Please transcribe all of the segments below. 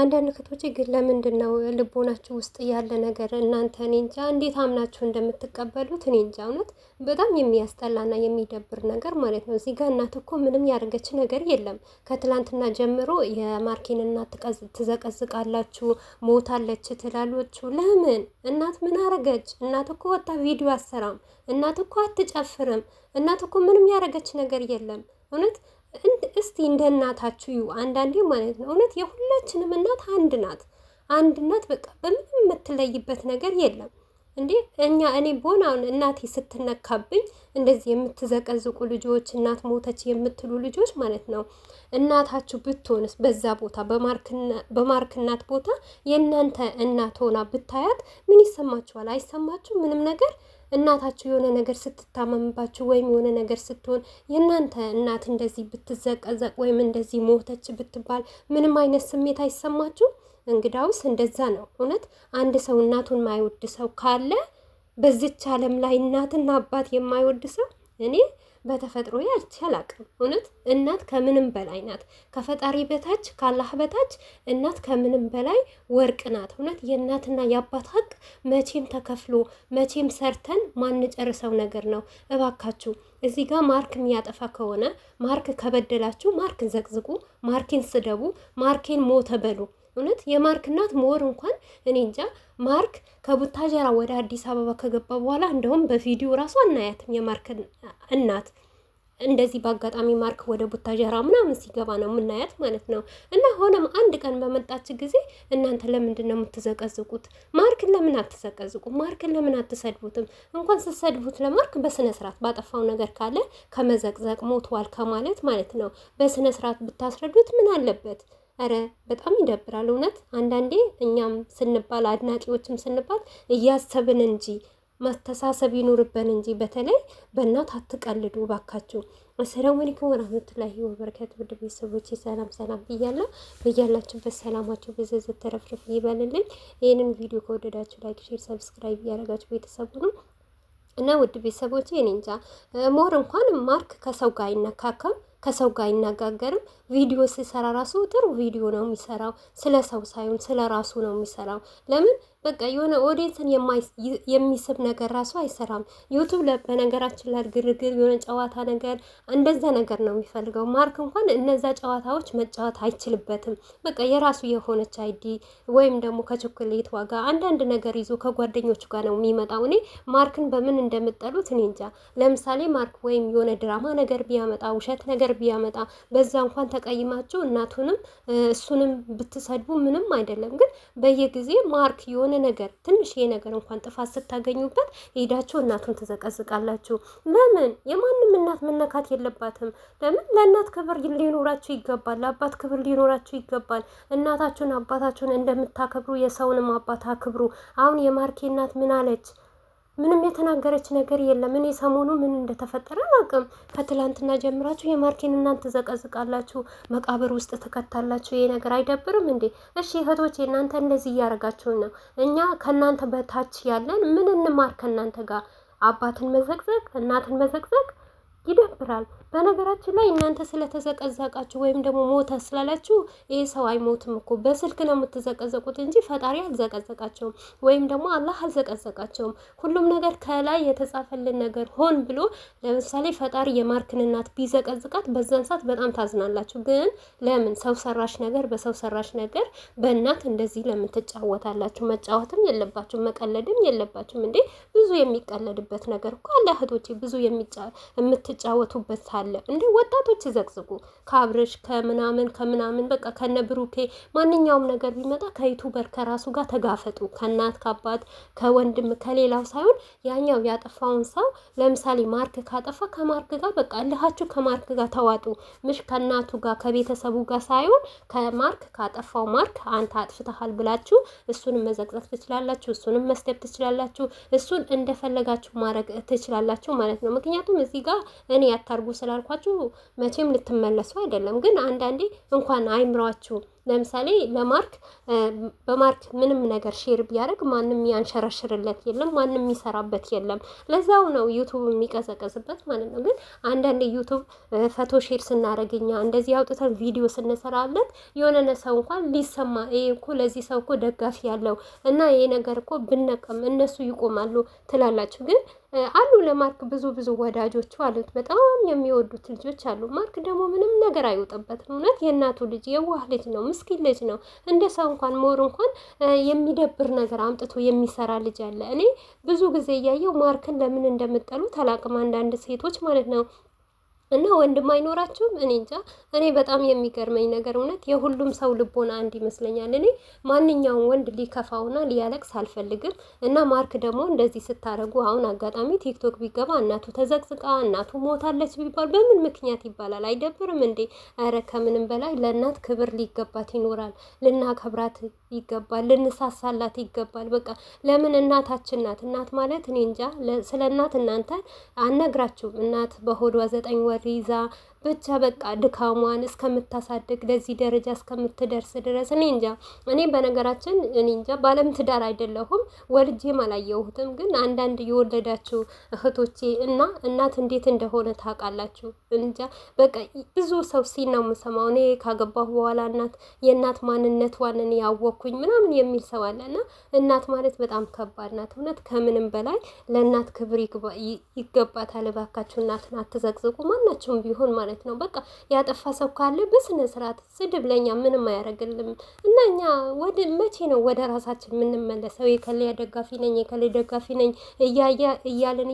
አንዳንድ እህቶች ግን ለምንድን ነው ልቦናችሁ ውስጥ ያለ ነገር እናንተ እኔ እንጃ እንዴት አምናችሁ እንደምትቀበሉት እኔ እንጃ። እውነት በጣም የሚያስጠላና የሚደብር ነገር ማለት ነው። እዚህ ጋር እናት እኮ ምንም ያደረገች ነገር የለም። ከትላንትና ጀምሮ የማርኬን እናት ትዘቀዝቃላችሁ፣ ሞታለች ትላላችሁ። ለምን እናት ምን አረገች? እናት እኮ ወጣ ቪዲዮ አሰራም። እናት እኮ አትጨፍርም። እናት እኮ ምንም ያደረገች ነገር የለም እውነት እስቲ እንደ እናታችሁ እዩ። አንዳንዴ ማለት ነው እውነት የሁላችንም እናት አንድ ናት። አንድ እናት በቃ በምንም የምትለይበት ነገር የለም። እንዴ እኛ እኔ ቦን አሁን እናቴ ስትነካብኝ እንደዚህ የምትዘቀዝቁ ልጆች፣ እናት ሞተች የምትሉ ልጆች ማለት ነው እናታችሁ ብትሆንስ በዛ ቦታ በማርክ እናት ቦታ የእናንተ እናት ሆና ብታያት ምን ይሰማችኋል? አይሰማችሁ ምንም ነገር እናታችሁ የሆነ ነገር ስትታመምባቸው ወይም የሆነ ነገር ስትሆን የእናንተ እናት እንደዚህ ብትዘቀዘቅ ወይም እንደዚህ ሞተች ብትባል ምንም አይነት ስሜት አይሰማችሁ? እንግዳውስ እንደዛ ነው። እውነት አንድ ሰው እናቱን ማይወድ ሰው ካለ በዚች ዓለም ላይ እናትና አባት የማይወድ ሰው እኔ በተፈጥሮ ያች አላቅም። እውነት እናት ከምንም በላይ ናት፣ ከፈጣሪ በታች ካላህ በታች እናት ከምንም በላይ ወርቅ ናት። እውነት የእናትና የአባት ሀቅ መቼም ተከፍሎ መቼም ሰርተን ማንጨርሰው ነገር ነው። እባካችሁ እዚህ ጋር ማርክ የሚያጠፋ ከሆነ ማርክ ከበደላችሁ፣ ማርክን ዘቅዝቁ፣ ማርኬን ስደቡ፣ ማርኬን ሞተ በሉ። እውነት የማርክ እናት ሞር እንኳን እኔ እንጃ ማርክ ከቡታጀራ ወደ አዲስ አበባ ከገባ በኋላ እንደውም በቪዲዮ ራሱ አናያትም። የማርክ እናት እንደዚህ በአጋጣሚ ማርክ ወደ ቡታጀራ ምናምን ሲገባ ነው የምናያት ማለት ነው። እና ሆነም አንድ ቀን በመጣች ጊዜ እናንተ ለምንድን ነው የምትዘቀዝቁት? ማርክን ለምን አትዘቀዝቁ? ማርክን ለምን አትሰድቡትም? እንኳን ስትሰድቡት ለማርክ በስነ ስርዓት ባጠፋው ነገር ካለ ከመዘቅዘቅ ሞቷል ከማለት ማለት ነው በስነ ስርዓት ብታስረዱት ምን አለበት? ኧረ በጣም ይደብራል እውነት። አንዳንዴ እኛም ስንባል አድናቂዎችም ስንባል እያሰብን እንጂ ማስተሳሰብ ይኑርበን እንጂ በተለይ በእናት አትቀልዱ ባካችሁ። አሰላሙ አለይኩም ወራህመቱላሂ ወበረከቱ። ውድ ቤተሰቦች ሰላም ሰላም ብያለሁ። በያላችሁበት ሰላማችሁ ብዝዝ ተረፍርፍ ይበልልኝ። ይህንን ቪዲዮ ከወደዳችሁ ላይክ፣ ሼር፣ ሰብስክራይብ እያደረጋችሁ ቤተሰቡ ነው እና ውድ ቤተሰቦች እኔ እንጃ ሞር እንኳን ማርክ ከሰው ጋር አይነካከም ከሰው ጋር አይነጋገርም። ቪዲዮ ሲሰራ ራሱ ጥሩ ቪዲዮ ነው የሚሰራው። ስለ ሰው ሳይሆን ስለ ራሱ ነው የሚሰራው። ለምን በቃ የሆነ ኦዲየንስን የሚስብ ነገር ራሱ አይሰራም። ዩቱብ በነገራችን ላይ ግርግር፣ የሆነ ጨዋታ ነገር እንደዛ ነገር ነው የሚፈልገው። ማርክ እንኳን እነዛ ጨዋታዎች መጫወት አይችልበትም። በቃ የራሱ የሆነች አይዲ ወይም ደግሞ ከቾኮሌት ዋጋ አንዳንድ ነገር ይዞ ከጓደኞቹ ጋር ነው የሚመጣው። እኔ ማርክን በምን እንደምጠሉት እኔ እንጃ። ለምሳሌ ማርክ ወይም የሆነ ድራማ ነገር ቢያመጣ ውሸት ነገር ቢያመጣ በዛ እንኳን ተቀይማችሁ እናቱንም እሱንም ብትሰድቡ ምንም አይደለም። ግን በየጊዜ ማርክ የሆነ የሆነ ነገር ይሄ ነገር እንኳን ጥፋት ስታገኙበት ሄዳችሁ እናቱን ትዘቀዝቃላችሁ። ለምን? የማንም እናት መነካት የለባትም። ለምን? ለእናት ክብር ሊኖራችሁ ይገባል። ለአባት ክብር ሊኖራችሁ ይገባል። እናታችሁን አባታችሁን እንደምታከብሩ የሰውንም አባት አክብሩ። አሁን የማርኬ እናት ምን አለች? ምንም የተናገረች ነገር የለም። እኔ ሰሞኑ ምን እንደተፈጠረ አላውቅም። ከትላንትና ጀምራችሁ የማርኬን እናንተ ዘቀዝቃላችሁ፣ መቃብር ውስጥ ትከታላችሁ። ይሄ ነገር አይደብርም እንዴ? እሺ እህቶቼ እናንተ እንደዚህ እያደረጋችሁ ነው። እኛ ከእናንተ በታች ያለን ምን እንማር ከእናንተ ጋር? አባትን መዘቅዘቅ፣ እናትን መዘቅዘቅ ይደብራል። በነገራችን ላይ እናንተ ስለተዘቀዘቃችሁ ወይም ደግሞ ሞተ ስላላችሁ ይህ ሰው አይሞትም እኮ በስልክ ነው የምትዘቀዘቁት እንጂ ፈጣሪ አልዘቀዘቃቸውም፣ ወይም ደግሞ አላህ አልዘቀዘቃቸውም። ሁሉም ነገር ከላይ የተጻፈልን ነገር ሆን ብሎ ለምሳሌ ፈጣሪ የማርክን እናት ቢዘቀዝቃት በዛን ሰዓት በጣም ታዝናላችሁ። ግን ለምን ሰው ሰራሽ ነገር በሰው ሰራሽ ነገር በእናት እንደዚህ ለምን ትጫወታላችሁ? መጫወትም የለባችሁ መቀለድም የለባችሁም እንዴ። ብዙ የሚቀለድበት ነገር እኮ አለ እህቶቼ ብዙ የምት የሚጫወቱበት አለ እንደ ወጣቶች ይዘግዝጉ ከአብረሽ ከምናምን ከምናምን በቃ ከነ ብሩኬ ማንኛውም ነገር ቢመጣ ከዩቱበር ከራሱ ጋር ተጋፈጡ። ከእናት ከአባት ከወንድም ከሌላው ሳይሆን ያኛው ያጠፋውን ሰው ለምሳሌ ማርክ ካጠፋ ከማርክ ጋር በቃ ልሃችሁ ከማርክ ጋር ተዋጡ። ምሽ ከእናቱ ጋር ከቤተሰቡ ጋር ሳይሆን ከማርክ ካጠፋው ማርክ አንተ አጥፍተሃል ብላችሁ እሱንም መዘቅዘቅ ትችላላችሁ፣ እሱንም መስደብ ትችላላችሁ፣ እሱን እንደፈለጋችሁ ማድረግ ትችላላችሁ ማለት ነው። ምክንያቱም እዚህ ጋር እኔ ያታርጉ ስላልኳችሁ መቼም ልትመለሱ አይደለም። ግን አንዳንዴ እንኳን አይምሯችሁ ለምሳሌ ለማርክ በማርክ ምንም ነገር ሼር ቢያደርግ ማንም ያንሸረሽርለት የለም፣ ማንም የሚሰራበት የለም። ለዛው ነው ዩቱብ የሚቀዘቀዝበት ማለት ነው። ግን አንዳንድ ዩቱብ ፈቶ ሼር ስናደርግኛ እንደዚህ አውጥተን ቪዲዮ ስንሰራለት የሆነ ሰው እንኳን ሊሰማ ይሄ እኮ ለዚህ ሰው እኮ ደጋፊ ያለው እና ይሄ ነገር እኮ ብነቀም እነሱ ይቆማሉ ትላላችሁ ግን አሉ ለማርክ ብዙ ብዙ ወዳጆቹ አሉት። በጣም የሚወዱት ልጆች አሉ። ማርክ ደግሞ ምንም ነገር አይወጣበትም። እውነት የእናቱ ልጅ የዋህ ልጅ ነው። ምስኪን ልጅ ነው። እንደ ሰው እንኳን ሞር እንኳን የሚደብር ነገር አምጥቶ የሚሰራ ልጅ አለ። እኔ ብዙ ጊዜ እያየው ማርክን ለምን እንደምጠሉ ተላቅም አንዳንድ ሴቶች ማለት ነው እና ወንድም አይኖራቸውም። እኔ እንጃ። እኔ በጣም የሚገርመኝ ነገር እውነት የሁሉም ሰው ልቦና አንድ ይመስለኛል። እኔ ማንኛውም ወንድ ሊከፋውና ሊያለቅስ አልፈልግም። እና ማርክ ደግሞ እንደዚህ ስታደርጉ አሁን አጋጣሚ ቲክቶክ ቢገባ እናቱ ተዘቅዝቃ እናቱ ሞታለች ቢባል በምን ምክንያት ይባላል? አይደብርም እንዴ? ኧረ ከምንም በላይ ለእናት ክብር ሊገባት ይኖራል። ልናከብራት ይገባል። ልንሳሳላት ይገባል። በቃ ለምን እናታችን ናት። እናት ማለት እኔ እንጃ። ስለ እናት እናንተ አነግራችሁም። እናት በሆዷ ዘጠኝ ወር ወር ይዛ ብቻ በቃ ድካሟን እስከምታሳድግ ለዚህ ደረጃ እስከምትደርስ ድረስ እኔ እንጃ። እኔ በነገራችን እኔ እንጃ ባለም ትዳር አይደለሁም፣ ወልጄም አላየሁትም። ግን አንዳንድ የወለዳችሁ እህቶቼ እና እናት እንዴት እንደሆነ ታውቃላችሁ። እንጃ በቃ ብዙ ሰው ሲናው የምሰማው እኔ ካገባሁ በኋላ እናት የእናት ማንነት ዋንን ያወቅኩኝ ምናምን የሚል ሰው አለ እና እናት ማለት በጣም ከባድ ናት። እውነት ከምንም በላይ ለእናት ክብር ይገባታል። እባካችሁ እናትን አትዘቅዝቁ። ማን ማናቸውም ቢሆን ማለት ነው። በቃ ያጠፋ ሰው ካለ በስነ ስርዓት ስድብ ለኛ ምንም አያደርግልም እና እኛ ወደ መቼ ነው ወደ ራሳችን የምንመለሰው? የከሌ ደጋፊ ነኝ የከሌ ደጋፊ ነኝ እያለን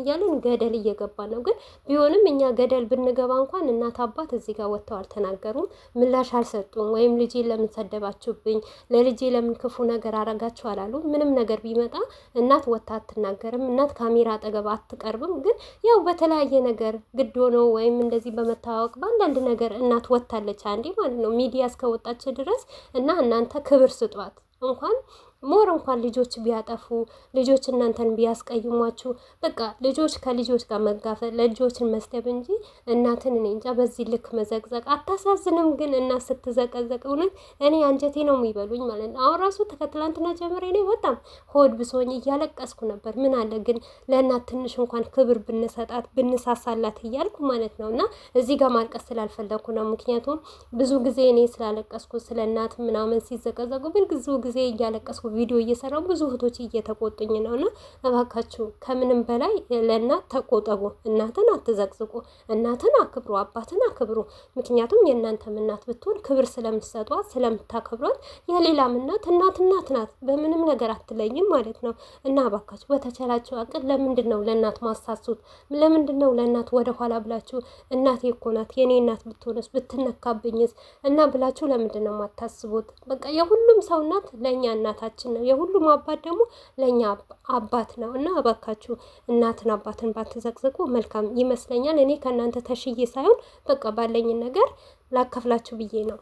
እያለን ገደል እየገባ ነው። ግን ቢሆንም እኛ ገደል ብንገባ እንኳን እናት አባት እዚህ ጋር ወጥተው አልተናገሩም፣ ምላሽ አልሰጡም። ወይም ልጄ ለምን ሰደባችሁብኝ፣ ለልጄ ለምን ክፉ ነገር አረጋችሁ አላሉ። ምንም ነገር ቢመጣ እናት ወጥታ አትናገርም። እናት ካሜራ አጠገብ አትቀርብም። ግን ያው በተለያየ ነገር ግድ ሆኖ ወይም እንደዚህ በመታወቅ በአንዳንድ ነገር እናት ወታለች አንዴ ማለት ነው ሚዲያ እስከወጣች ድረስ እና እናንተ ክብር ስጧት እንኳን ሞር እንኳን ልጆች ቢያጠፉ ልጆች እናንተን ቢያስቀይሟችሁ፣ በቃ ልጆች ከልጆች ጋር መጋፈጥ ለልጆችን መስደብ እንጂ እናትን እኔ እንጃ በዚህ ልክ መዘቅዘቅ አታሳዝንም? ግን እናት ስትዘቀዘቅ እውነት እኔ አንጀቴ ነው የሚበሉኝ ማለት ነው። አሁን ራሱ ከትላንትና ጀምሬ እኔ በጣም ሆድ ብሶኝ እያለቀስኩ ነበር። ምን አለ ግን ለእናት ትንሽ እንኳን ክብር ብንሰጣት ብንሳሳላት እያልኩ ማለት ነው። እና እዚህ ጋር ማልቀስ ስላልፈለግኩ ነው። ምክንያቱም ብዙ ጊዜ እኔ ስላለቀስኩ ስለ እናት ምናምን ሲዘቀዘቁ ብዙ ጊዜ እያለቀስኩ ቪዲዮ እየሰራው ብዙ እህቶች እየተቆጡኝ ነው። እና እባካችሁ ከምንም በላይ ለእናት ተቆጠቡ። እናትን አትዘቅዝቁ። እናትን አክብሩ፣ አባትን አክብሩ። ምክንያቱም የእናንተም እናት ብትሆን ክብር ስለምትሰጧት ስለምታከብሯት፣ የሌላም እናት እናት እናት ናት፣ በምንም ነገር አትለይም ማለት ነው። እና እባካችሁ በተቻላችሁ አቅል ለምንድን ነው ለእናት ማሳሱት? ለምንድን ነው ለእናት ወደኋላ ብላችሁ እናቴ እኮ ናት የኔ እናት ብትሆንስ ብትነካብኝስ እና ብላችሁ ለምንድን ነው ማታስቡት? በቃ የሁሉም ሰው እናት ለእኛ እናታችን አባታችን ነው። የሁሉም አባት ደግሞ ለእኛ አባት ነው እና እባካችሁ እናትን አባትን ባትዘቅዘቁ መልካም ይመስለኛል። እኔ ከእናንተ ተሽዬ ሳይሆን በቃ ባለኝ ነገር ላካፍላችሁ ብዬ ነው።